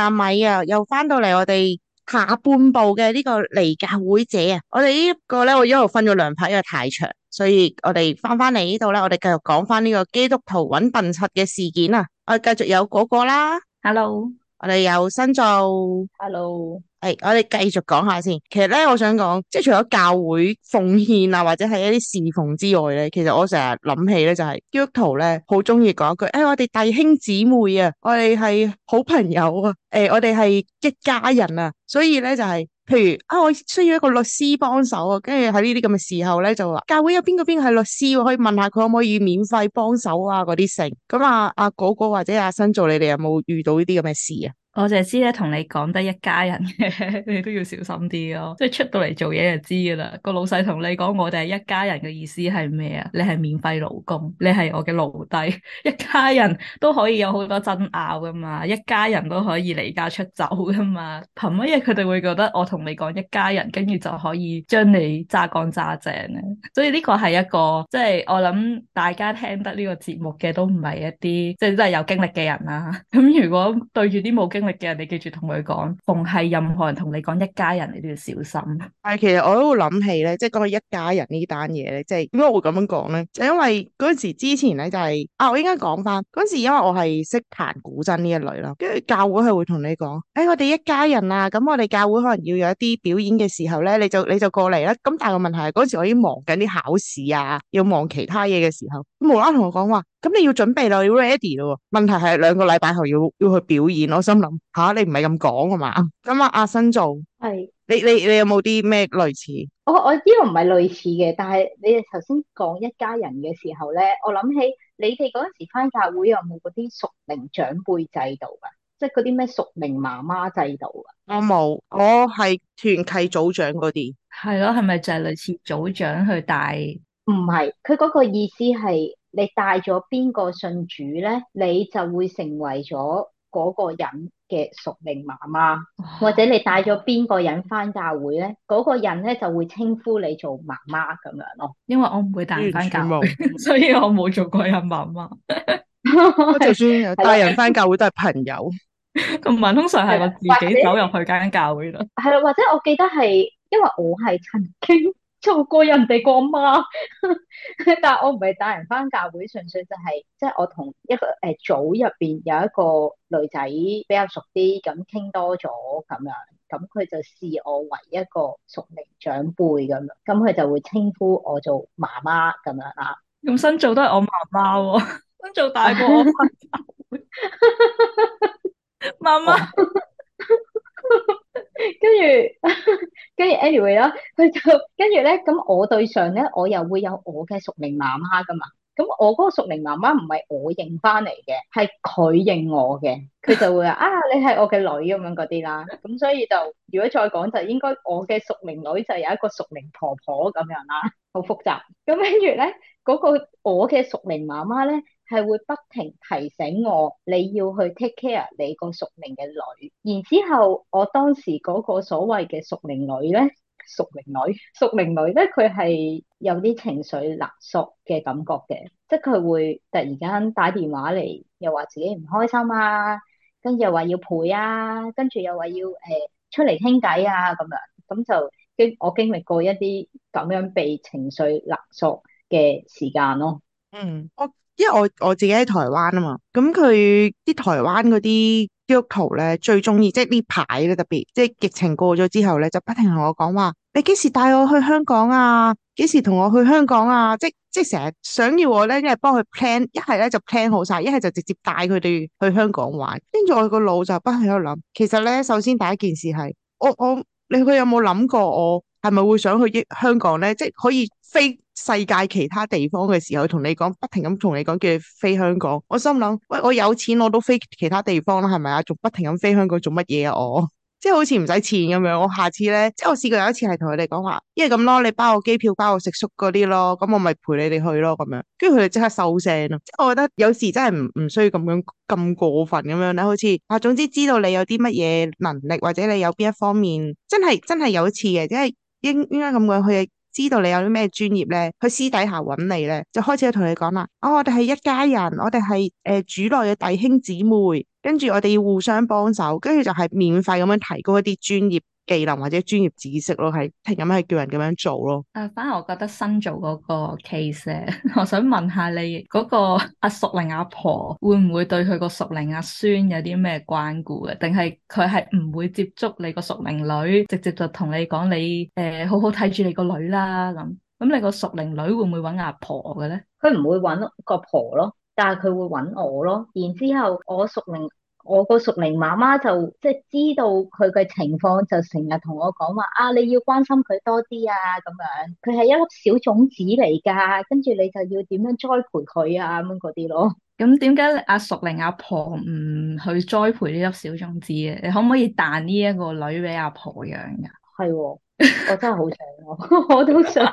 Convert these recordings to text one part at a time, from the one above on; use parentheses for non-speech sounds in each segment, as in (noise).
阿米啊，又翻到嚟我哋下半部嘅呢個離教會者啊，我哋呢一個咧，我一路分咗兩 part，因為太長，所以我哋翻翻嚟呢度啦，我哋繼續講翻呢個基督徒揾笨柒嘅事件啊，我哋繼續有嗰個啦，hello。我哋有新造，Hello，誒、哎，我哋繼續講下先。其實咧，我想講，即係除咗教會奉獻啊，或者係一啲侍奉之外咧，其實我成日諗起咧，就係基督徒咧，好中意講一句，誒、哎，我哋弟兄姊妹啊，我哋係好朋友啊，誒、哎，我哋係一家人啊，所以咧就係、是。譬如啊，我需要一個律師幫手啊，跟住喺呢啲咁嘅時候咧，就話教會有邊個邊個係律師喎，我可以問下佢可唔可以免費幫手啊，嗰啲成。咁、嗯、啊阿果哥哥或者阿新做，你哋有冇遇到呢啲咁嘅事啊？我就知咧，同你講得一家人嘅，你都要小心啲咯，哦。即係出到嚟做嘢就知噶啦。個老細同你講我哋係一家人嘅意思係咩啊？你係免費勞工，你係我嘅奴弟。一家人都可以有好多爭拗噶嘛，一家人都可以離家出走噶嘛。憑乜嘢佢哋會覺得我同你講一家人，跟住就可以將你揸乾揸淨咧？所以呢個係一個即係、就是、我諗大家聽得呢個節目嘅都唔係一啲即係真係有經歷嘅人啦。咁 (laughs) 如果對住啲冇經，經歷嘅人，你記住同佢講，逢係任何人同你講一家人，你都要小心。但係其實我都會諗起咧，即係講到一家人呢單嘢咧，即係點解會咁樣講咧？就因為嗰時之前咧就係啊，我應該講翻嗰時，因為我係識彈古箏呢一類啦，跟住教會係會同你講，誒、欸，我哋一家人啊，咁我哋教會可能要有一啲表演嘅時候咧，你就你就過嚟啦。咁但係個問題係嗰時我已經忙緊啲考試啊，要忙其他嘢嘅時候。無啦，同我講話，咁你要準備啦，要 ready 啦。問題係兩個禮拜後要要去表演，我心諗吓、啊，你唔係咁講啊嘛。咁阿阿新做係是，你你你有冇啲咩類似？我我知道唔係類似嘅，但係你哋頭先講一家人嘅時候咧，我諗起你哋嗰陣時翻教會有冇嗰啲屬靈長輩制度噶？即係嗰啲咩屬靈媽媽制度啊？我冇，我係團契組長嗰啲。係咯，係咪就係類似組長去帶？唔係，佢嗰個意思係。你帶咗邊個信主咧，你就會成為咗嗰個人嘅屬靈媽媽，或者你帶咗邊個人翻教會咧，嗰個人咧就會稱呼你做媽媽咁樣咯。因為我唔會帶人翻教會， (laughs) 所以我冇做過人媽媽。 (laughs) (laughs) 我就算帶人翻教會都係朋友，同埋通常係我自己走入去間教會咯。係啦，或者我記得係，因為我係曾經。做過人哋個媽， (laughs) 但係我唔係帶人翻教會，純粹就係、是，即、就、係、是、我同一個誒、呃、組入邊有一個女仔比較熟啲，咁傾多咗咁樣，咁佢就視我為一個熟齡長輩咁樣，咁佢就會稱呼我做媽媽咁樣啦。用身做都係我媽媽，咁做大過我媽媽。媽媽。跟住，跟住 anyway 啦，佢就跟住咧。咁我對上咧，我又會有我嘅屬靈媽媽噶嘛。咁我嗰個屬靈媽媽唔係我認翻嚟嘅，係佢認我嘅。佢就會話啊，你係我嘅女咁樣嗰啲啦。咁所以就如果再講就應該我嘅屬靈女就有一個屬靈婆婆咁樣啦，好複雜。咁跟住咧，嗰、嗰個我嘅屬靈媽媽咧。係會不停提醒我，你要去 take care 你個熟齡嘅女。然之後，我當時嗰個所謂嘅熟齡女咧，熟齡女，熟齡女咧，熟齡女咧，佢係有啲情緒勒索嘅感覺嘅，即係佢會突然間打電話嚟，又話自己唔開心啊，跟住又話要陪啊，跟住又話要誒、呃、出嚟傾偈啊咁樣。咁就經我經歷過一啲咁樣被情緒勒索嘅時間咯。嗯，我。因為我我自己喺台灣啊嘛，咁佢啲台灣嗰啲基督徒咧最中意，即係呢排咧特別，即係疫情過咗之後咧，就不停同我講話，你幾時帶我去香港啊？幾時同我去香港啊？即即係成日想要我咧，一係幫佢 plan，一係咧就 plan 好晒，一係就直接帶佢哋去香港玩。跟住我個腦就不喺度諗，其實咧，首先第一件事係，我我你佢有冇諗過我係咪會想去香港咧？即係可以飛。世界其他地方嘅時候，同你講不停咁同你講叫你飛香港，我心諗喂，我有錢我都飛其他地方啦，係咪啊？仲不停咁飛香港做乜嘢啊？我即係好似唔使錢咁樣。我下次咧，即係我試過有一次係同佢哋講話，因為咁咯，你包我機票，包我食宿嗰啲咯，咁我咪陪你哋去咯咁樣。跟住佢哋即刻收聲咯。即係我覺得有時真係唔唔需要咁樣咁過分咁樣咧。好似啊，總之知道你有啲乜嘢能力，或者你有邊一方面真係真係有一次嘅，即係應應該咁樣去。」知道你有啲咩專業咧，去私底下揾你咧，就開始同你講啦。哦，我哋係一家人，我哋係誒主內嘅弟兄姊妹，跟住我哋要互相幫手，跟住就係免費咁樣提高一啲專業技能或者專業知識咯，係停咁去叫人咁樣做咯。啊，反而我覺得新做嗰個 case，我想問下你嗰個阿屬靈阿婆會唔會對佢個屬靈阿孫有啲咩關顧嘅？定係佢係唔會接觸你個屬靈女，直接就同你講你誒好好睇住你個女啦咁。咁你個屬靈女會唔會揾阿婆嘅咧？佢唔會揾個婆咯，但係佢會揾我咯。然之後我屬靈。我個淑玲媽媽就即係知道佢嘅情況，就成日同我講話啊，你要關心佢多啲啊咁樣。佢係一粒小種子嚟噶，跟住你就要點樣栽培佢啊咁嗰啲咯。咁點解阿淑玲阿婆唔去栽培呢粒小種子咧？你可唔可以彈呢一個女俾阿婆養噶？係喎，我真係好想我，我都想。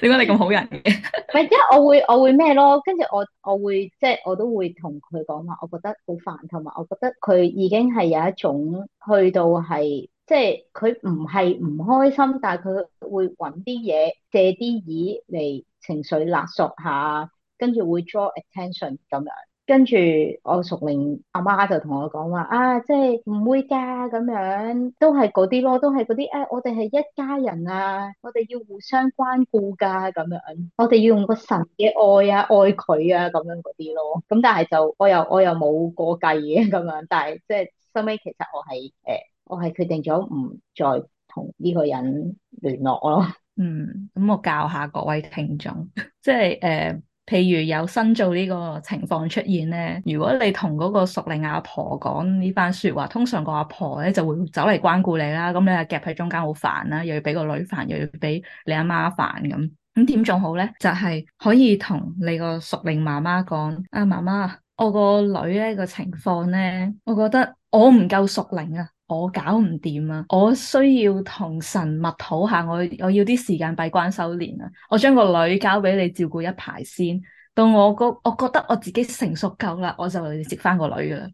點 (laughs) 解你咁好人嘅？唔係即係我會我會咩咯？跟住我我會即係、就是、我都會同佢講話。我覺得好煩，同埋我覺得佢已經係有一種去到係即係佢唔係唔開心，但係佢會揾啲嘢借啲意嚟情緒勒索下，跟住會 draw attention 咁樣。跟住我熟齡阿媽就同我講話啊，即係唔會噶咁樣，都係嗰啲咯，都係嗰啲誒，我哋係一家人啊，我哋要互相關顧噶咁樣，我哋要用個神嘅愛啊，愛佢啊咁樣嗰啲咯。咁但係就我又我又冇過計嘅咁樣，但係即係收尾，其實我係誒、呃，我係決定咗唔再同呢個人聯絡咯。嗯，咁我教下各位聽眾，即係誒。Uh, 譬如有新做呢個情況出現咧，如果你同嗰個熟齡阿婆講呢番説話，通常個阿婆咧就會走嚟關顧你啦。咁你係夾喺中間好煩啦，又要俾個女煩，又要俾你阿媽煩咁。咁點仲好咧？就係可以同你個熟齡媽媽講，啊媽媽，我個女咧個情況咧，我覺得我唔夠熟齡啊。我搞唔掂啊！我需要同神密討下，我我要啲時間閉關修煉啊！我將個女交俾你照顧一排先，到我覺我覺得我自己成熟夠啦，我就嚟接翻個女噶啦，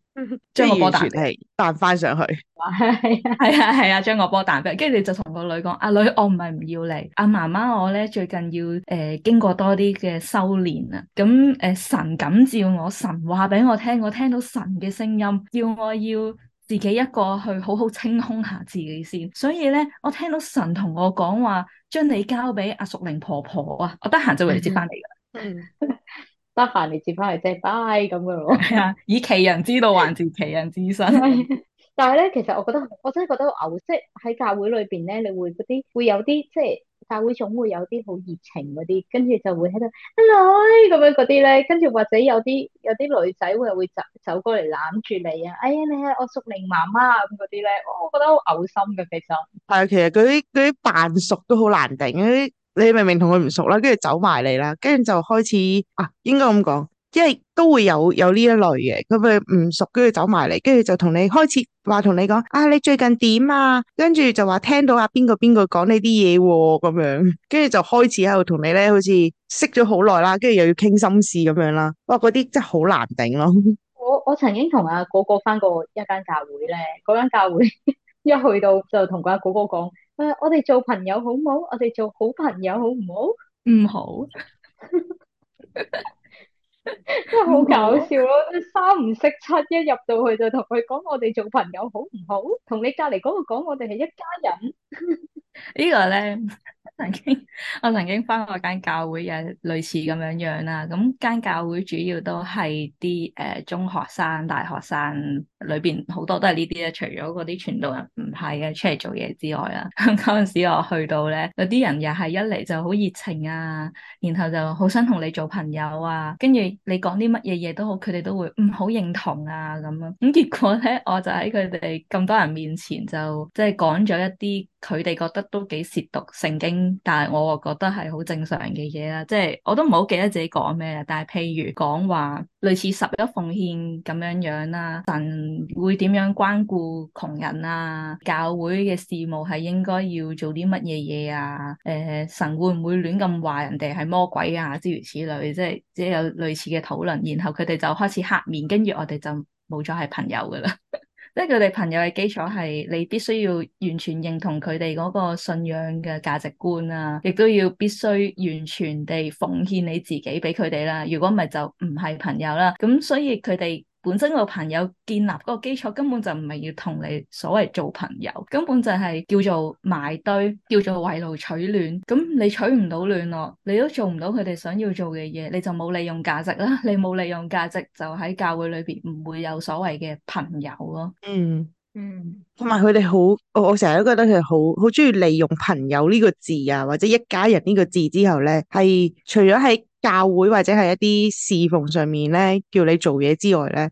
將 (laughs) (laughs) 個波彈起彈翻上去。係啊係啊係啊！將個波彈俾，跟住你就同個女講：阿女，我唔係唔要你，阿、啊、媽媽我咧最近要誒、呃、經過多啲嘅修煉啊！咁誒、呃、神感召我，神話俾我聽，我聽到神嘅聲音，叫我要。自己一個去好好清空下自己先，所以咧，我聽到神同我講話，將你交俾阿淑玲婆婆啊，我得閒就嚟接翻你噶啦，得閒你接翻嚟即 b 拜 e 咁嘅咯。啊、嗯，嗯嗯嗯嗯、 (laughs) 以其人之道還治其人之身。 (laughs) (laughs) (laughs) 但係咧，其實我覺得，我真係覺得牛式喺教會裏邊咧，你會嗰啲會有啲即係。社會總會有啲好熱情嗰啲，跟住就會喺度，hello 咁樣嗰啲咧，跟住或者有啲有啲女仔又會，會走走過嚟，攬住你啊，哎呀你係我屬靈媽媽咁嗰啲咧，我覺得好嘔心噶其實。係啊，其實嗰啲啲扮熟都好難頂，你明明同佢唔熟啦，跟住走埋嚟啦，跟住就開始啊，應該咁講。因為都會有有呢一類嘅，佢咪唔熟，跟住走埋嚟，跟住就同你開始話同你講，啊你最近點啊？跟住就話聽到阿、啊、邊個邊個講呢啲嘢咁樣，跟住就開始喺度同你咧，好似識咗好耐啦，跟住又要傾心事咁樣啦，哇！嗰啲真係好難頂咯。我我曾經同阿哥哥返過一間教會咧，嗰間教會一去到就同阿哥哥講，誒、啊，我哋做朋友好唔好？我哋做好朋友好唔好？唔好。 (laughs) (laughs) 真係好搞笑咯， (laughs) 三唔識七，一入到去就同佢講，我哋做朋友好唔好？同你隔籬嗰個講我哋係一家人， (laughs) 個呢個咧。曾經 (laughs) 我曾經翻過間教會，有類似咁樣樣啦。咁間教會主要都係啲誒中學生、大學生裏邊好多都係呢啲咧，除咗嗰啲傳道人唔係嘅出嚟做嘢之外啦。嗰陣時我去到咧，有啲人又係一嚟就好熱情啊，然後就好想同你做朋友啊。跟住你講啲乜嘢嘢都好，佢哋都會唔好認同啊咁樣。咁結果咧，我就喺佢哋咁多人面前就即係講咗一啲。佢哋覺得都幾褻瀆聖經，但係我覺得係好正常嘅嘢啦。即係我都唔好記得自己講咩啦。但係譬如講話類似十一奉獻咁樣樣啦，神會點樣關顧窮人啊？教會嘅事務係應該要做啲乜嘢嘢啊？誒、呃，神會唔會亂咁話人哋係魔鬼啊？諸如此類，即係即係有類似嘅討論，然後佢哋就開始黑面，跟住我哋就冇咗係朋友噶啦。即係佢哋朋友嘅基礎係，你必須要完全認同佢哋嗰個信仰嘅價值觀啊，亦都要必須完全地奉獻你自己畀佢哋啦。如果唔係就唔係朋友啦。咁所以佢哋。本身個朋友建立嗰個基礎根本就唔係要同你所謂做朋友，根本就係叫做埋堆，叫做圍爐取暖。咁你取唔到暖咯，你都做唔到佢哋想要做嘅嘢，你就冇利用價值啦。你冇利用價值，就喺教會裏邊唔會有所謂嘅朋友咯。嗯。嗯嗯，同埋佢哋好，我我成日都覺得佢哋好好中意利用朋友呢個字啊，或者一家人呢個字之後咧，係除咗喺教會或者係一啲侍奉上面咧叫你做嘢之外咧。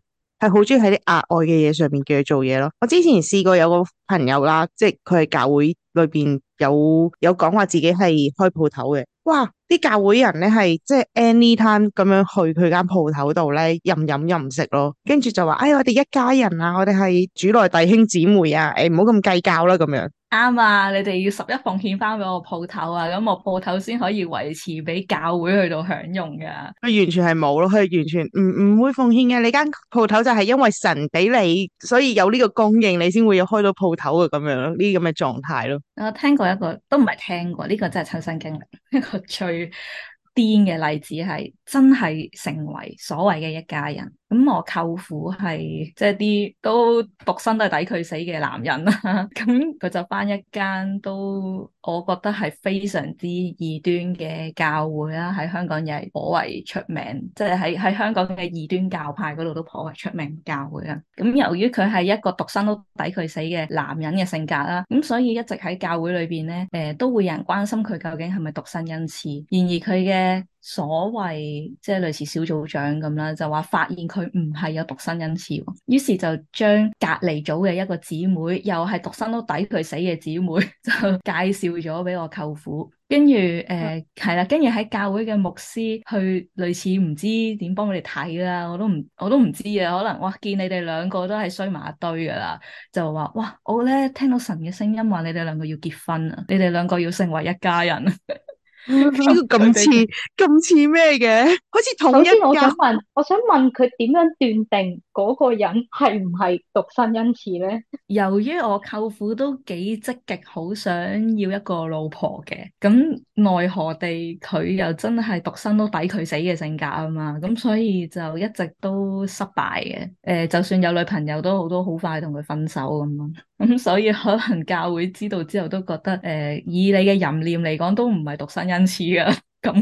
係好中意喺啲額外嘅嘢上面叫佢做嘢咯。我之前試過有個朋友啦，即係佢係教會裏邊有有講話自己係開鋪頭嘅。哇！啲教會人咧係即係 anytime 咁樣去佢間鋪頭度咧，任飲任食咯。跟住就話：「哎，我哋一家人啊，我哋係主內弟兄姊妹啊，誒、哎，唔好咁計較啦，咁樣。啱啊！你哋要十一奉獻翻俾我鋪頭啊，咁我鋪頭先可以維持俾教會去到享用噶。佢完全係冇咯，佢完全唔唔會奉獻嘅。你間鋪頭就係因為神俾你，所以有呢個供應，你先會有開到鋪頭嘅咁樣咯。呢啲咁嘅狀態咯。我聽過一個，都唔係聽過，呢個真係親身經歷，一個最癲嘅例子係，真係成為所謂嘅一家人。咁我舅父係即係啲都獨身都係抵佢死嘅男人啦，咁 (laughs) 佢就翻一間都我覺得係非常之異端嘅教會啦，喺香港又係頗為出名，即係喺喺香港嘅異端教派嗰度都頗為出名教會啦。咁由於佢係一個獨身都抵佢死嘅男人嘅性格啦，咁所以一直喺教會裏邊咧，誒、呃、都會有人關心佢究竟係咪獨身恩賜。然而佢嘅所謂即係類似小組長咁啦，就話發現佢唔係有獨身恩賜，於是就將隔離組嘅一個姊妹，又係獨身都抵佢死嘅姊妹，就介紹咗俾我舅父。跟住誒係啦，跟住喺教會嘅牧師去類似唔知點幫佢哋睇啦，我都唔我都唔知啊。可能哇，見你哋兩個都係衰埋一堆噶啦，就話哇，我呢聽到神嘅聲音話你哋兩個要結婚啊，你哋兩個要成為一家人。咁似咁似咩嘅？好似同一。首先我想問，我想問佢點樣斷定嗰個人係唔係獨身恩賜咧？由於我舅父都幾積極，好想要一個老婆嘅，咁奈何地佢又真係獨身都抵佢死嘅性格啊嘛，咁所以就一直都失敗嘅。誒、呃，就算有女朋友都好多好快同佢分手咁樣，咁所以可能教會知道之後都覺得，誒、呃，以你嘅淫念嚟講，都唔係獨身恩。似噶咁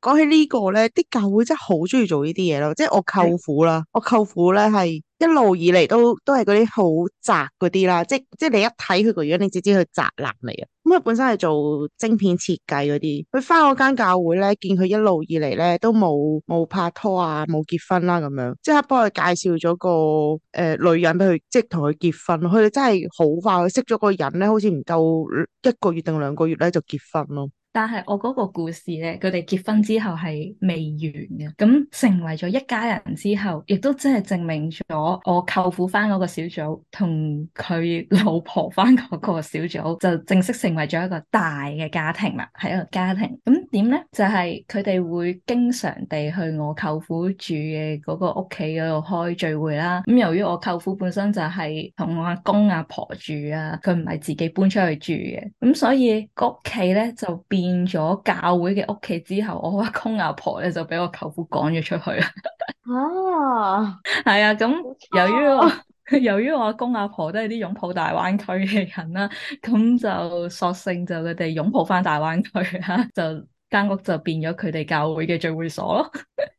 講起個呢個咧，啲教會真係好中意做呢啲嘢咯。即係我舅父啦，是我舅父咧係一路以嚟都都係嗰啲好宅嗰啲啦。即即係你一睇佢個樣，你就知佢宅男嚟嘅。咁佢本身係做晶片設計嗰啲，佢翻嗰間教會咧，見佢一路以嚟咧都冇冇拍拖啊，冇結婚啦、啊、咁樣，即刻幫佢介紹咗個誒、呃、女人俾佢，即係同佢結婚。佢哋真係好快，佢識咗個人咧，好似唔夠一個月定兩個月咧就結婚咯。但係我嗰個故事咧，佢哋結婚之後係未完嘅，咁成為咗一家人之後，亦都真係證明咗我舅父返嗰個小組同佢老婆返嗰個小組就正式成為咗一個大嘅家庭啦，係一個家庭。咁點咧就係佢哋會經常地去我舅父住嘅嗰個屋企嗰度開聚會啦。咁由於我舅父本身就係同我阿公阿婆住啊，佢唔係自己搬出去住嘅，咁所以屋企咧就變。變咗教會嘅屋企之後，我阿公阿婆咧就俾我舅父趕咗出去 (laughs) 啊！係啊，咁由於我由於我阿公阿婆都係啲擁抱大灣區嘅人啦，咁就索性就佢哋擁抱翻大灣區啊， (laughs) 就間屋就變咗佢哋教會嘅聚會所咯， (laughs) 啊。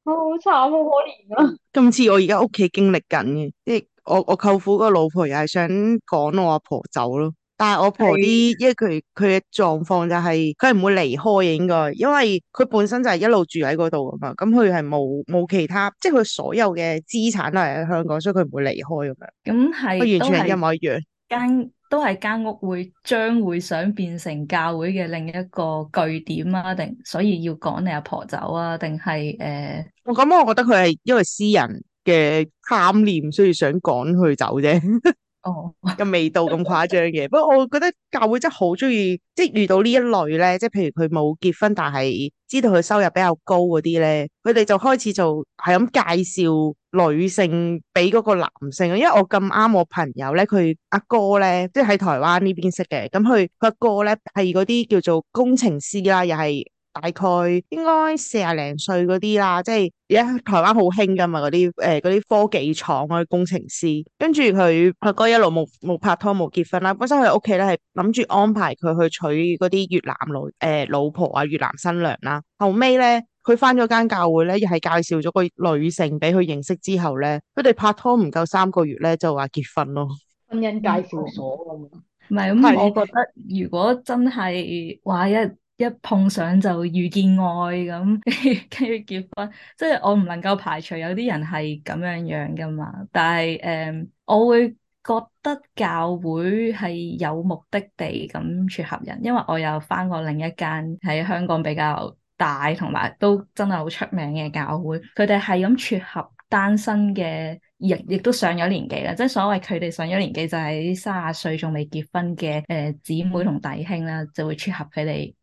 好慘，好可憐啊！今次我而家屋企經歷緊嘅，即係我我舅父個老婆又係想趕我阿婆走咯。但係我婆啲，是因為佢佢嘅狀況就係佢唔會離開應該，因為佢本身就係一路住喺嗰度啊嘛。咁佢係冇冇其他，即係佢所有嘅資產都係喺香港，所以佢唔會離開咁樣。咁係是，完全係一模一樣。間都係間屋會將會想變成教會嘅另一個據點啊，定所以要趕你阿婆婆走啊？定係誒？我、呃、咁，我覺得佢係因為私人嘅貪念，所以想趕佢走啫。 (laughs) 哦，個、oh. (laughs) 味道咁誇張嘅，不過我覺得教會真係好中意，即係遇到呢一類咧，即係譬如佢冇結婚，但係知道佢收入比較高嗰啲咧，佢哋就開始就係咁介紹女性俾嗰個男性。因為我咁啱，我朋友咧，佢阿哥咧，即係喺台灣呢邊識嘅，咁佢佢阿哥咧係嗰啲叫做工程師啦，又係。大概應該四十零歲嗰啲啦，即係而家台灣好興㗎嘛，嗰啲誒啲科技廠嗰啲工程師，跟住佢阿哥一路冇冇拍拖冇結婚啦，本身佢屋企咧係諗住安排佢去娶嗰啲越南老誒、欸、老婆啊，越南新娘啦，後尾咧佢返咗間教會咧，又係介紹咗個女性俾佢認識之後咧，佢哋拍拖唔夠三個月咧就話結婚咯，婚姻介紹所咁。唔係咁，我覺得 (laughs) 如果真係話一。一碰上就遇見愛咁，跟 (laughs) 住結婚，即係我唔能夠排除有啲人係咁樣樣噶嘛。但係誒、嗯，我會覺得教會係有目的地咁撮合人，因為我又翻過另一間喺香港比較大同埋都真係好出名嘅教會，佢哋係咁撮合單身嘅，亦亦都上咗年紀啦。即係所謂佢哋上咗年紀，就係卅歲仲未結婚嘅誒姊妹同弟兄啦，就會撮合佢哋。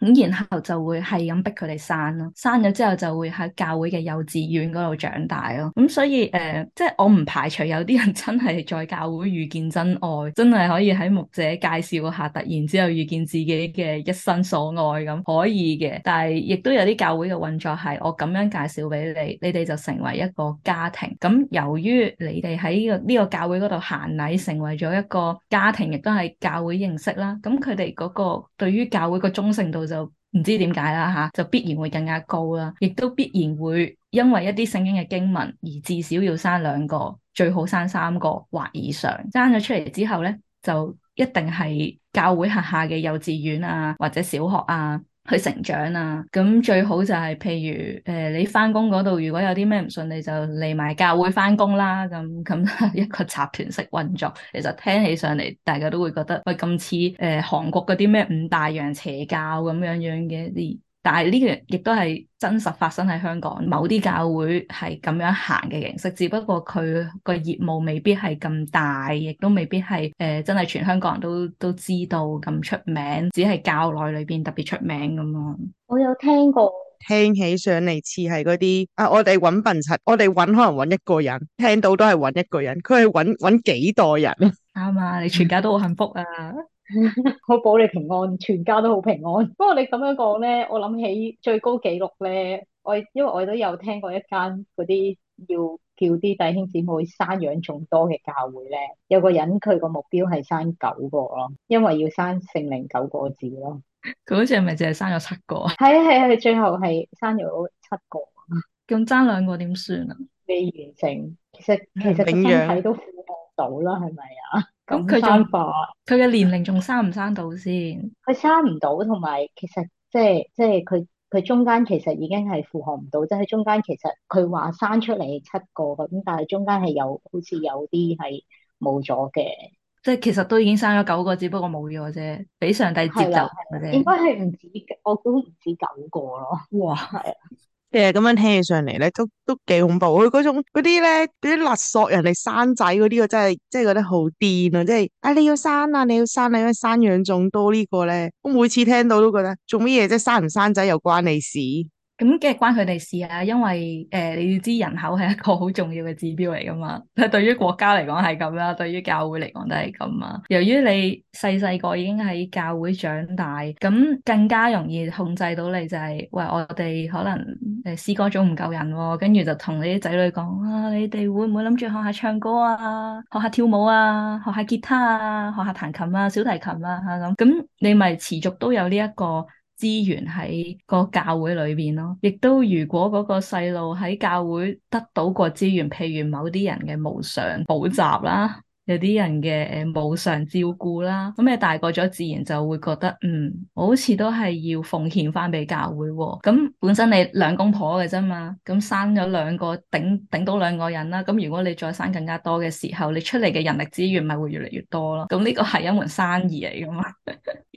咁然後就會係咁逼佢哋生咯，生咗之後就會喺教會嘅幼稚園嗰度長大咯。咁所以誒，即係我唔排除有啲人真係在教會遇見真愛，真係可以喺牧者介紹下，突然之後遇見自己嘅一生所愛咁可以嘅。但係亦都有啲教會嘅運作係我咁樣介紹俾你，你哋就成為一個家庭。咁由於你哋喺呢個呢個教會嗰度行禮，成為咗一個家庭，亦都係教會認識啦。咁佢哋嗰個對於教會嘅忠誠度，就唔知點解啦吓，就必然會更加高啦，亦都必然會因為一啲聖經嘅經文而至少要生兩個，最好生三個或以上。生咗出嚟之後咧，就一定係教會轄下嘅幼稚園啊，或者小學啊。去成長啊！咁最好就係，譬如誒、呃，你翻工嗰度如果有啲咩唔順利，你就嚟埋教會翻工啦。咁咁一個集團式運作，其實聽起上嚟，大家都會覺得喂，咁似誒韓國嗰啲咩五大洋邪教咁樣樣嘅一啲。但係呢樣亦都係真實發生喺香港，某啲教會係咁樣行嘅形式，只不過佢個業務未必係咁大，亦都未必係誒、呃、真係全香港人都都知道咁出名，只係教內裏邊特別出名咁樣。我有聽過，聽起上嚟似係嗰啲啊，我哋揾笨柒，我哋揾可能揾一個人，聽到都係揾一個人，佢係揾揾幾代人 (laughs) 啱啊，你全家都好幸福啊！ (laughs) (laughs) 我保你平安，全家都好平安。 (laughs) 不過你咁樣講咧，我諗起最高紀錄咧，我因為我都有聽過一間嗰啲要叫啲弟兄姊妹生養眾多嘅教會咧，有個人佢個目標係生九個咯，因為要生聖靈九個字咯。佢好似係咪淨係生咗七個啊？係啊係啊，最後係生咗七個。咁爭兩個點 (laughs) 算啊？未完成。其實其實咁樣睇都。到啦，係咪啊？咁佢仲博，佢嘅年齡仲生唔生到先？佢生唔到，同埋其實即係即係佢佢中間其實已經係負荷唔到，即係中間其實佢話生出嚟七個咁，但係中間係有好似有啲係冇咗嘅，即係其實都已經生咗九個，只不過冇咗啫，俾上帝接走嘅啫。應該係唔止，我都唔止九個咯。哇，係啊。其實咁樣聽起上嚟咧，都都幾恐怖。佢嗰種啲咧，嗰啲勒索人哋生仔嗰啲，我真係真係覺得好癲啊。即係啊，你要生啊，你要生，啊，你咩生養眾多呢個咧？我每次聽到都覺得做乜嘢即啫？生唔生仔又關你事？咁梗係關佢哋事啊，因為誒、呃、你要知人口係一個好重要嘅指標嚟噶嘛，即係對於國家嚟講係咁啦，對於教會嚟講都係咁啊。由於你細細個已經喺教會長大，咁更加容易控制到你就係、是，喂我哋可能誒詩歌組唔夠人喎、啊，跟住就同你啲仔女講啊，你哋會唔會諗住學下唱歌啊，學下跳舞啊，學下吉他啊，學下彈琴啊，小提琴啊吓咁，咁你咪持續都有呢、這、一個資源喺個教會裏邊咯，亦都如果嗰個細路喺教會得到過資源，譬如某啲人嘅無償補習啦。有啲人嘅誒無償照顧啦，咁你大個咗，自然就會覺得，嗯，我好似都係要奉獻翻俾教會喎。咁本身你兩公婆嘅啫嘛，咁生咗兩個，頂頂多兩個人啦。咁如果你再生更加多嘅時候，你出嚟嘅人力資源咪會越嚟越多咯。咁呢個係一門生意嚟噶嘛，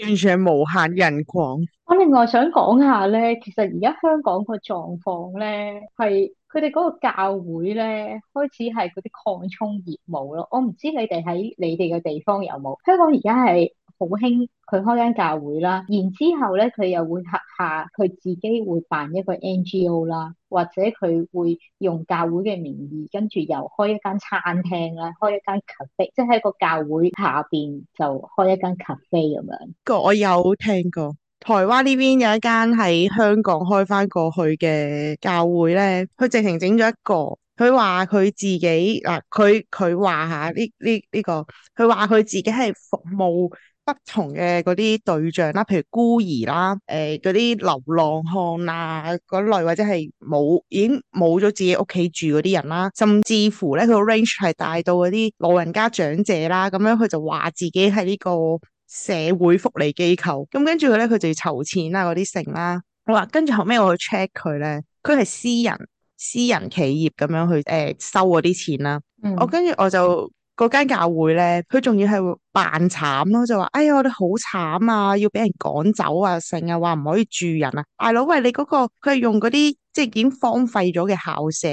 完全係無限人狂。我另外想講下咧，其實而家香港個狀況咧係。佢哋嗰個教會咧，開始係嗰啲擴充業務咯。我唔知你哋喺你哋嘅地方有冇？香港而家係好興佢開間教會啦，然之後咧佢又會下下佢自己會辦一個 NGO 啦，或者佢會用教會嘅名義，跟住又開一間餐廳啦，開一間咖啡，即係喺個教會下邊就開一間咖啡咁樣。個我有聽過。台灣呢邊有一間喺香港開翻過去嘅教會咧，佢直情整咗一個，佢話佢自己嗱，佢佢話嚇呢呢呢個，佢話佢自己係服務不同嘅嗰啲對象啦，譬如孤兒啦，誒嗰啲流浪漢啊嗰類，或者係冇已經冇咗自己屋企住嗰啲人啦，甚至乎咧佢個 range 係帶到嗰啲老人家長者啦，咁樣佢就話自己係呢個。社會福利機構咁，跟住佢咧，佢就要籌錢啦、啊，嗰啲剩啦。我話跟住後尾我去 check 佢咧，佢係私人私人企業咁樣去誒、欸、收嗰啲錢啦、啊嗯啊哎。我跟住我就嗰間教會咧，佢仲要係扮慘咯，就話哎呀我哋好慘啊，要俾人趕走啊，成日話唔可以住人啊。大佬喂，你嗰、那個佢係用嗰啲即係已經荒廢咗嘅校舍，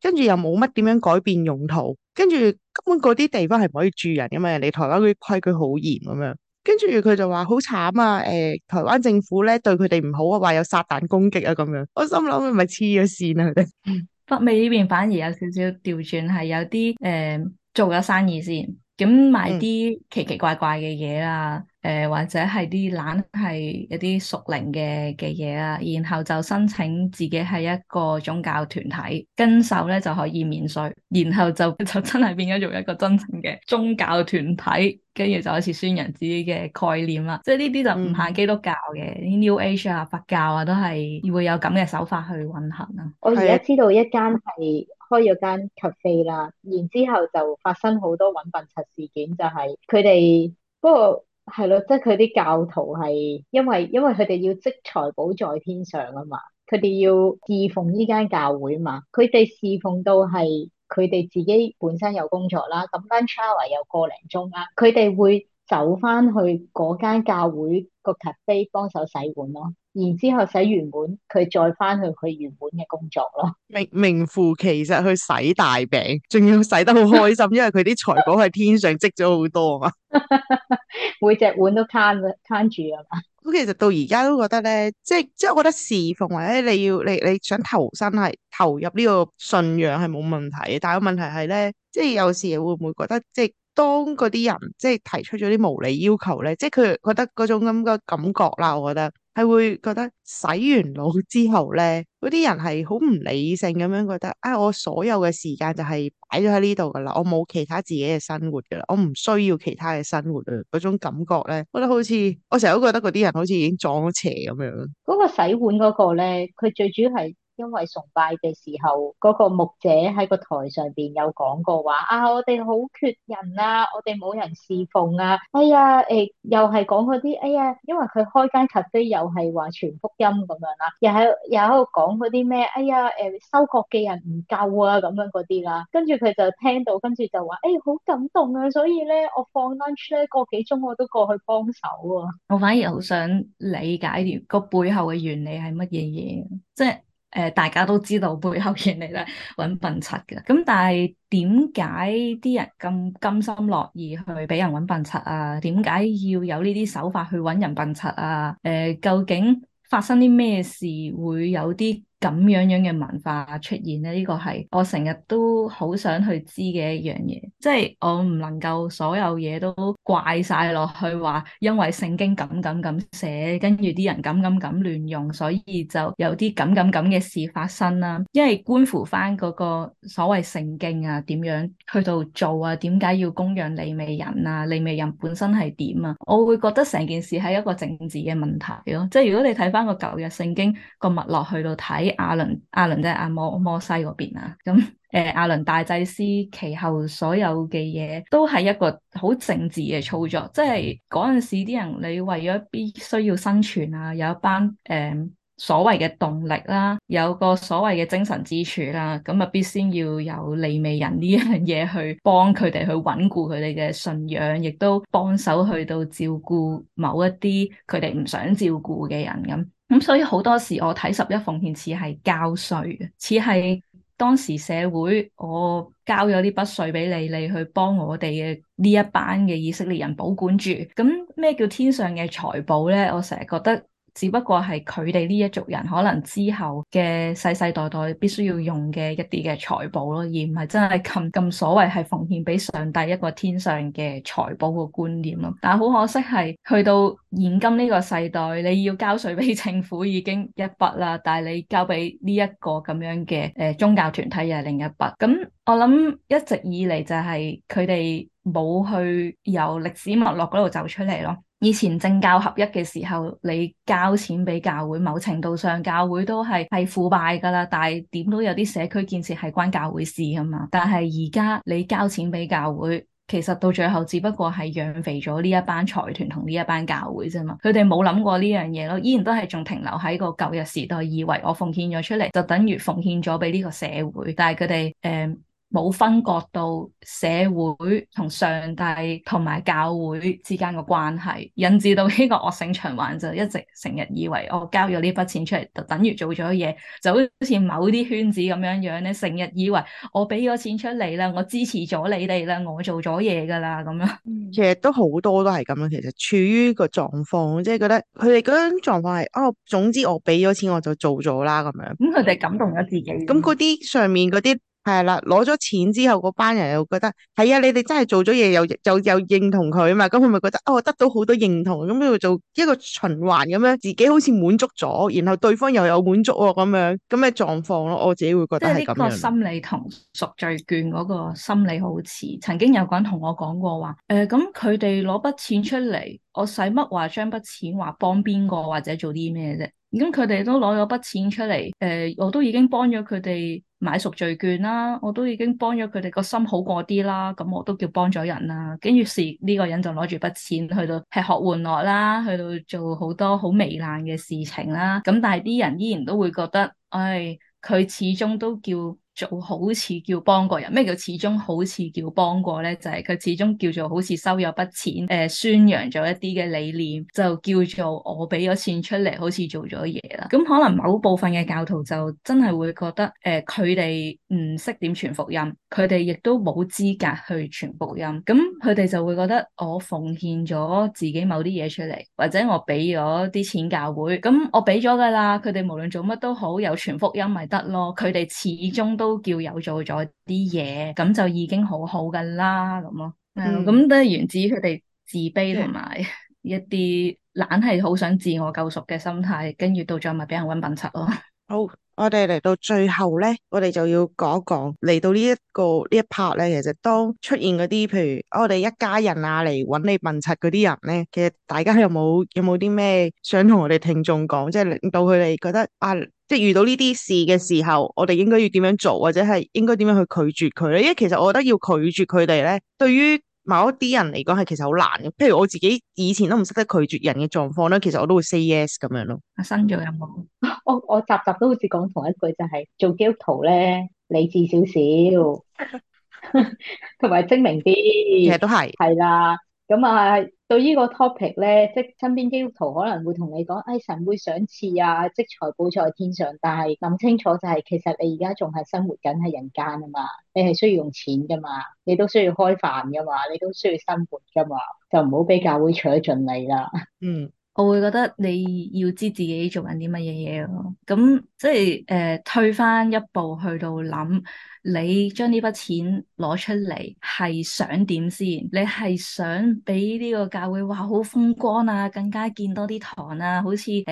跟住又冇乜點樣改變用途，跟住根本嗰啲地方係唔可以住人噶、啊、嘛，你台灣嗰啲規矩好嚴咁樣。跟住佢就話好慘啊！誒、呃，台灣政府咧對佢哋唔好啊，話有撒旦攻擊啊，咁樣我心諗佢咪黐咗線啊佢哋。 (laughs) 北美呢邊反而有少少調轉，係有啲誒、呃、做咗生意先，咁買啲奇奇怪怪嘅嘢啦。嗯誒、呃、或者係啲懶係一啲屬靈嘅嘅嘢啦，然後就申請自己係一個宗教團體，跟手咧就可以免稅，然後就就真係變咗做一個真正嘅宗教團體，跟住就開始宣揚自己嘅概念啦。即係呢啲就唔限基督教嘅，啲、嗯、New Age 啊、佛教啊都係會有咁嘅手法去運行啊。我而家知道一間係開咗間 cafe 啦，然之後就發生好多揾笨柒事件，就係佢哋不過。係咯，即係佢啲教徒係因為因為佢哋要積財寶在天上啊嘛，佢哋要侍奉呢間教會啊嘛，佢哋侍奉到係佢哋自己本身有工作啦，咁 lunch hour 有個零鐘啦，佢哋會走翻去嗰間教會個 cafe 幫手洗碗咯，然之後洗完碗，佢再翻去佢原本嘅工作咯。名名副其實去洗大餅，仲要洗得好開心， (laughs) 因為佢啲財寶喺天上積咗好多啊 (laughs) 嘛，每隻碗都攤攤住啊嘛。咁其實到而家都覺得咧，即即，即我覺得侍奉或者你要你你，你想投身係投入呢個信仰係冇問題，但個問題係咧，即有時會唔會覺得即？當嗰啲人即係提出咗啲無理要求咧，即係佢覺得嗰種咁嘅感覺啦。我覺得係會覺得洗完腦之後咧，嗰啲人係好唔理性咁樣覺得啊，哎。我所有嘅時間就係擺咗喺呢度噶啦，我冇其他自己嘅生活噶啦，我唔需要其他嘅生活啊。嗰種感覺咧，我覺得好似我成日都覺得嗰啲人好似已經撞咗邪咁樣。嗰個洗碗嗰個咧，佢最主要係。因為崇拜嘅時候，嗰、那個牧者喺個台上邊有講過話啊，我哋好缺人啊，我哋冇人侍奉啊，哎呀，誒、欸、又係講嗰啲，哎呀，因為佢開間咖啡又係話傳福音咁樣啦，又係又喺度講嗰啲咩，哎呀，誒、呃、收割嘅人唔夠啊，咁樣嗰啲啦，跟住佢就聽到，跟住就話，誒、哎、好感動啊，所以咧，我放 lunch 咧個幾鐘我都過去幫手啊。我反而好想理解啲個背後嘅原理係乜嘢嘢，即係。誒、呃，大家都知道背後原嚟都係搵笨柒嘅，咁但係點解啲人咁甘心樂意去俾人搵笨柒啊？點解要有呢啲手法去搵人笨柒啊？誒、呃，究竟發生啲咩事會有啲？咁樣樣嘅文化出現咧，呢個係我成日都好想去知嘅一樣嘢。即係我唔能夠所有嘢都怪晒落去，話因為聖經咁咁咁寫，跟住啲人咁咁咁亂用，所以就有啲咁咁咁嘅事發生啦。因為關乎翻嗰個所謂聖經啊，點樣去到做啊？點解要供養利未人啊？利未人本身係點啊？我會覺得成件事係一個政治嘅問題咯啊。即係如果你睇翻嗰個舊日聖經個脈落去到睇。亞倫亞倫，即係亞摩摩西嗰邊啊，咁誒，亞倫大祭司其後所有嘅嘢都係一個好政治嘅操作，即係嗰陣時啲人你為咗必須要生存啊，有一班誒、嗯、所謂嘅動力啦，有個所謂嘅精神支柱啦，咁啊必先要有利未人呢樣嘢去幫佢哋去穩固佢哋嘅信仰，亦都幫手去到照顧某一啲佢哋唔想照顧嘅人咁。咁、嗯、所以好多時我睇十一奉獻似係交稅，似係當時社會我交咗啲筆稅俾你，你去幫我哋嘅呢一班嘅以色列人保管住。咁咩叫天上嘅財寶咧？我成日覺得。只不過係佢哋呢一族人可能之後嘅世世代代必須要用嘅一啲嘅財寶咯，而唔係真係咁咁所謂係奉獻俾上帝一個天上嘅財寶嘅觀念咯。但係好可惜係去到現今呢個世代，你要交稅俾政府已經一筆啦，但係你交俾呢一個咁樣嘅誒宗教團體又係另一筆。咁我諗一直以嚟就係佢哋冇去由歷史脈絡嗰度走出嚟咯。以前政教合一嘅時候，你交錢俾教會，某程度上教會都係係腐敗噶啦。但係點都有啲社區建設係關教會事噶嘛。但係而家你交錢俾教會，其實到最後只不過係養肥咗呢一班財團同呢一班教會啫嘛。佢哋冇諗過呢樣嘢咯，依然都係仲停留喺個舊日時代，以為我奉獻咗出嚟，就等於奉獻咗俾呢個社會。但係佢哋誒。呃冇分割到社會同上帝同埋教會之間嘅關係，引致到呢個惡性循環就一直成日以為我交咗呢筆錢出嚟，就等於做咗嘢，就好似某啲圈子咁樣樣咧，成日以為我俾咗錢出嚟啦，我支持咗你哋啦，我做咗嘢噶啦咁樣。其實都好多都係咁樣，其實處於個狀況，即係覺得佢哋嗰種狀況係，哦，總之我俾咗錢我就做咗啦咁樣。咁佢哋感動咗自己。咁嗰啲上面嗰啲。係啦，攞咗錢之後，嗰班人又覺得係啊，你哋真係做咗嘢，又又又，又認同佢啊嘛，咁佢咪覺得哦，得到好多認同，咁就做一個循環咁樣，自己好似滿足咗，然後對方又有滿足咁、啊、樣，咁嘅狀況咯，我自己會覺得係咁樣。即係呢個心理同贖罪券嗰個心理好似。曾經有個人同我講過話，誒、呃，咁佢哋攞筆錢出嚟，我使乜話將筆錢話幫邊個或者做啲咩啫？咁佢哋都攞咗筆錢出嚟，誒、呃，我都已經幫咗佢哋。買贖罪券啦，我都已經幫咗佢哋個心好過啲啦，咁我都叫幫咗人啦。跟住時呢個人就攞住筆錢去到吃喝玩樂啦，去到做好多好糜爛嘅事情啦。咁但係啲人依然都會覺得，唉、哎，佢始終都叫。做好似叫幫過人，咩叫始終好似叫幫過咧？就係佢始終叫做好似收咗筆錢，誒宣揚咗一啲嘅理念，就叫做我俾咗錢出嚟，好似做咗嘢啦。咁可能某部分嘅教徒就真係會覺得，誒佢哋。唔識點傳福音，佢哋亦都冇資格去傳福音。咁佢哋就會覺得我奉獻咗自己某啲嘢出嚟，或者我俾咗啲錢教會。咁我俾咗噶啦，佢哋無論做乜都好，有傳福音咪得咯。佢哋始終都叫有做咗啲嘢，咁就已經好好噶啦。咁咯，咁都源自於佢哋自卑同埋一啲懶係好想自我救贖嘅心態，跟住到咗咪俾人揾笨柒咯。好。我哋嚟到最後咧，我哋就要講一講嚟到、呢個、一呢一個呢一 part 咧。其實當出現嗰啲譬如我哋一家人啊嚟揾你問察嗰啲人咧，其實大家有冇有冇啲咩想同我哋聽眾講？即係令到佢哋覺得啊，即係遇到呢啲事嘅時候，我哋應該要點樣做，或者係應該點樣去拒絕佢咧？因為其實我覺得要拒絕佢哋咧，對於某一啲人嚟講，係其實好難嘅，譬如我自己以前都唔識得拒絕人嘅狀況咧，其實我都會 say yes 咁樣咯。生咗、啊、有冇？我我集集都好似講同一句，就係、是、做基督徒咧，理智少少，同埋 (laughs) (laughs) 精明啲。其實都係，係啦。咁啊，對依個 topic 咧，即身邊基督徒可能會同你講，誒、哎、神會賞賜啊，積財寶在天上，但係諗清楚就係、是、其實你而家仲係生活緊喺人間啊嘛，你係需要用錢噶嘛，你都需要開飯噶嘛，你都需要生活噶嘛，就唔好俾教會取盡你啦。嗯，我會覺得你要知自己做緊啲乜嘢嘢咯，咁即係誒退翻一步去到諗。你將呢筆錢攞出嚟係想點先？你係想俾呢個教會哇好風光啊，更加見多啲堂啊，好似誒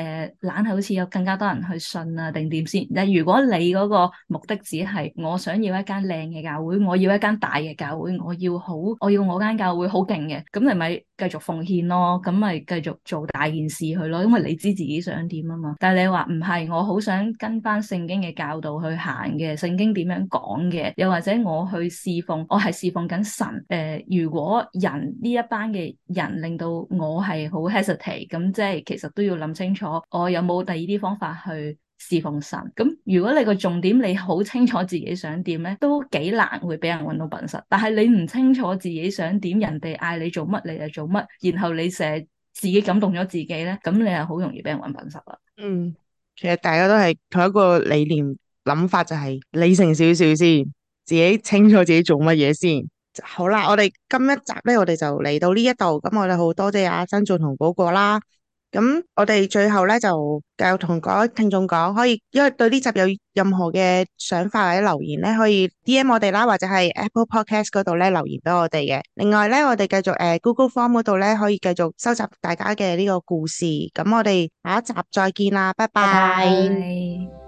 懶係好似有更加多人去信啊定點先？但如果你嗰個目的只係我想要一間靚嘅教會，我要一間大嘅教會，我要好，我要我間教會好勁嘅，咁你咪繼續奉獻咯？咁咪繼續做大件事去咯？因為你知自己想點啊嘛。但係你話唔係，我好想跟翻聖經嘅教導去行嘅，聖經點樣講？嘅，又或者我去侍奉，我係侍奉緊神。誒、呃，如果人呢一班嘅人令到我係好 hesitate，咁即係其實都要諗清楚，我有冇第二啲方法去侍奉神？咁如果你個重點你好清楚自己想點咧，都幾難會俾人搵到笨柒。但係你唔清楚自己想點，人哋嗌你做乜你就做乜，然後你成日自己感動咗自己咧，咁你係好容易俾人搵笨柒啦。嗯，其實大家都係同一個理念。諗法就係理性少少先，自己清楚自己做乜嘢先。好啦，我哋今一集呢，我哋就嚟到呢一度。咁我哋好多謝阿曾俊同嗰個啦。咁我哋最後呢，就繼續同各位聽眾講，可以因為對呢集有任何嘅想法或者留言呢，可以 DM 我哋啦，或者係 Apple Podcast 嗰度呢留言俾我哋嘅。另外呢，我哋繼續誒、呃、Google Form 嗰度呢，可以繼續收集大家嘅呢個故事。咁我哋下一集再見啦，拜拜。拜拜